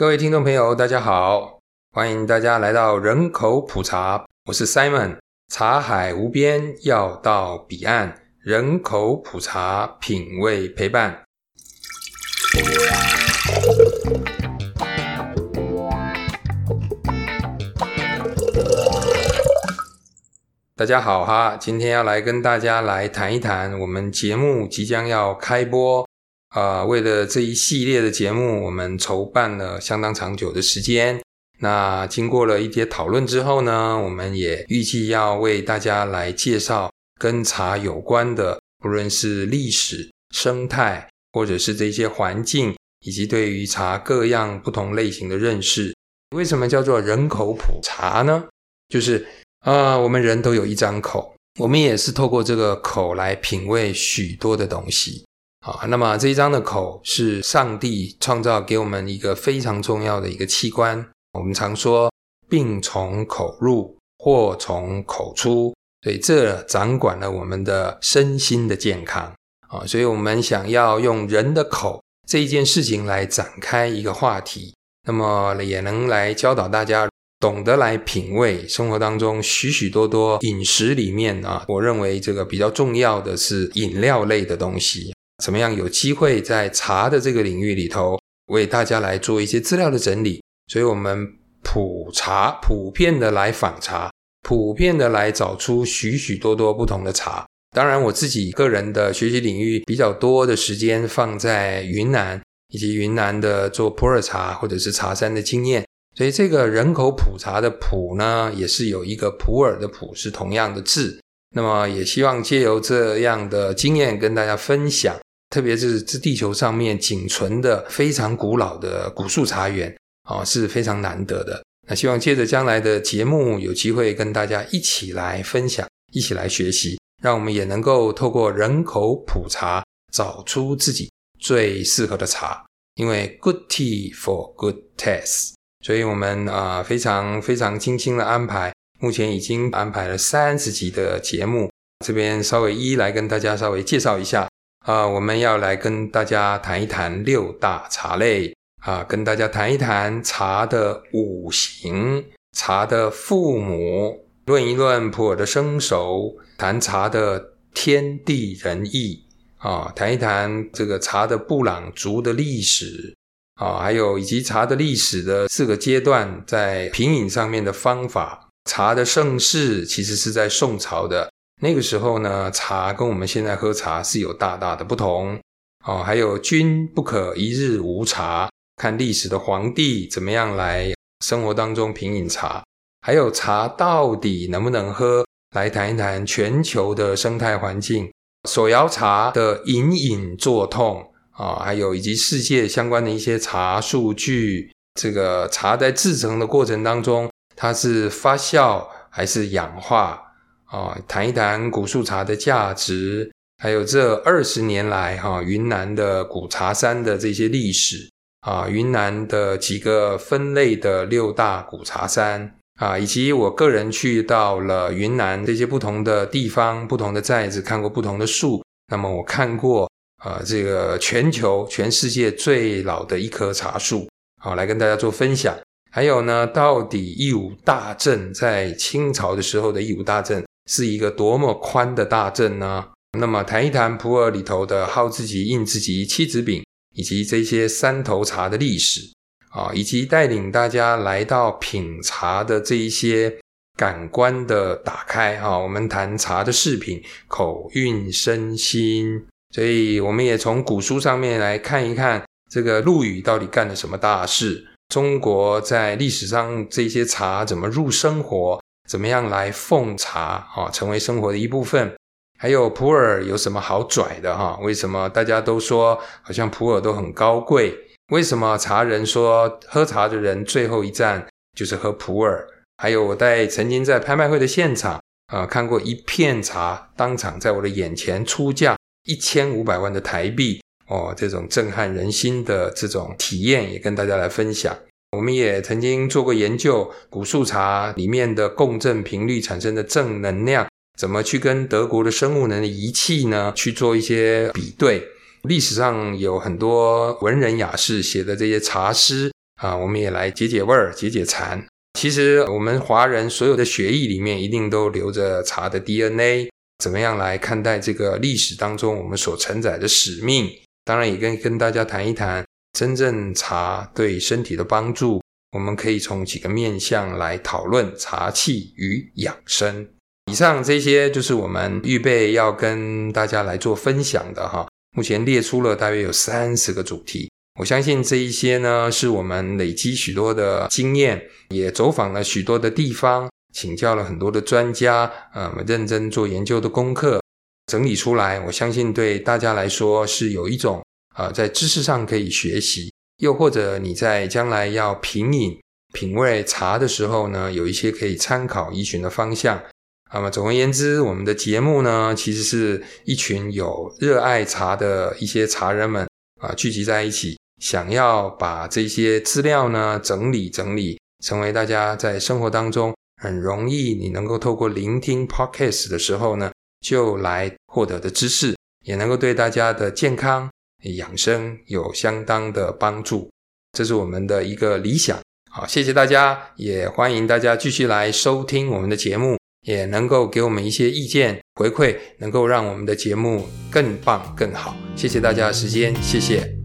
各位聽眾朋友，大家好，歡迎大家來到人口普茶，我是 Simon。茶海無邊，要到彼岸。人口普茶，品味陪伴。大家好哈，今天要來跟大家來談一談，我們節目即將要開播。啊、呃，為了這一系列的節目，我們籌辦了相當長久的時間。那經過了一些討論之後呢，我們也預計要為大家來介紹跟茶有關的，不論是歷史、生態，或者是這些環境，以及對於茶各樣不同類型的認識。為什麼叫做人口普茶呢？就是啊、呃，我們人都有一張口，我們也是透過這個口來品味許多的東西。啊，那麼這一張的口是上帝創造給我們一個非常重要的一個器官。我們常說“病從口入，禍從口出”，所以這掌管了我們的身心的健康啊。所以，我們想要用人的口這一件事情來展開一個話題，那麼也能來教導大家懂得來品味生活當中許許多多飲食裡面啊，我認為這個比較重要的是飲料類的東西。怎麼樣有機會在茶的這個領域裡頭，為大家來做一些資料的整理？所以，我們普茶、普遍的來訪茶、普遍的來找出許許多多不同的茶。當然，我自己個人的學習領域比較多的時間放在雲南以及雲南的做普洱茶或者是茶山的經驗。所以，這個人口普查的普呢，也是有一個普洱的普是同樣的字。那麼，也希望借由這樣的經驗跟大家分享。特別是這地球上面僅存的非常古老的古樹茶園啊，是非常難得的。那希望借着將來的節目有機會跟大家一起來分享、一起來學習，讓我們也能夠透過人口普茶找出自己最適合的茶，因為 Good tea for good taste。所以我們啊非常非常精心的安排，目前已經安排了三十集的節目，這邊稍微一一來跟大家稍微介紹一下。啊，我們要來跟大家談一談六大茶類啊，跟大家談一談茶的五行、茶的父母，論一論普洱的生熟，談茶的天地人意啊，談一談這個茶的布朗族的歷史啊，還有以及茶的歷史的四個階段在品飲上面的方法，茶的盛世其實是在宋朝的。那個時候呢，茶跟我們現在喝茶是有大大的不同哦。還有，君不可一日無茶，看歷史的皇帝怎麼樣來生活當中品飲茶，還有茶到底能不能喝，來談一談全球的生態環境，手搖茶的隱隱作痛啊、哦，還有以及世界相關的一些茶數據。這個茶在製成的過程當中，它是發酵還是氧化？啊，談、哦、一談古樹茶的價值，還有這二十年來哈雲、哦、南的古茶山的這些歷史啊，雲、哦、南的幾個分類的六大古茶山啊，以及我個人去到了雲南這些不同的地方、不同的寨子，看過不同的樹。那麼我看過啊、呃，這個全球、全世界最老的一棵茶樹，好、哦，來跟大家做分享。還有呢，到底易武大鎮在清朝的時候的易武大鎮。是一個多麼寬的大陣呢？那麼談一談普洱裡頭的號字級，印字級，七子餅，以及這些山頭茶的歷史啊，以及帶領大家來到品茶的這一些感官的打開啊，我們談茶的飾品、口韻、身心。所以，我們也從古書上面來看一看，這個陸羽到底幹了什麼大事？中國在歷史上這些茶怎麼入生活？怎麼樣來奉茶啊？成為生活的一部分。還有普洱有什麼好拽的哈？為什麼大家都說好像普洱都很高貴？為什麼茶人說喝茶的人最後一站就是喝普洱？還有我在曾經在拍賣會的現場啊，看過一片茶，當場在我的眼前出價一千五百萬的台幣哦，這種震撼人心的這種體驗也跟大家來分享。我們也曾經做過研究，古樹茶裡面的共振頻率產生的正能量，怎麼去跟德國的生物能的儀器呢去做一些比對？歷史上有很多文人雅士寫的這些茶詩啊，我們也來解解味兒，解解饞。其實我們華人所有的血液裡面，一定都流著茶的 DNA。怎麼樣來看待這個歷史當中我們所承載的使命？當然也跟跟大家談一談。真正茶對身體的幫助，我們可以從幾個面向來討論茶氣與養生。以上這些就是我們預備要跟大家來做分享的哈。目前列出了大約有三十個主題，我相信這一些呢，是我們累積許多的經驗，也走訪了許多的地方，請教了很多的專家，呃，認真做研究的功課，整理出來。我相信對大家來說是有一種。啊、呃，在知識上可以學習，又或者你在將來要品飲、品味茶的時候呢，有一些可以參考、依循的方向。那麼，總而言之，我們的節目呢，其實是一群有熱愛茶的一些茶人們啊，聚集在一起，想要把這些資料呢整理整理，成為大家在生活當中很容易，你能夠透過聆聽 podcast 的時候呢，就來獲得的知識，也能夠對大家的健康。養生有相當的幫助，這是我們的一個理想。好，謝謝大家，也歡迎大家繼續來收聽我們的節目，也能夠給我們一些意見回饋，能夠讓我們的節目更棒更好。謝謝大家的時間，謝謝。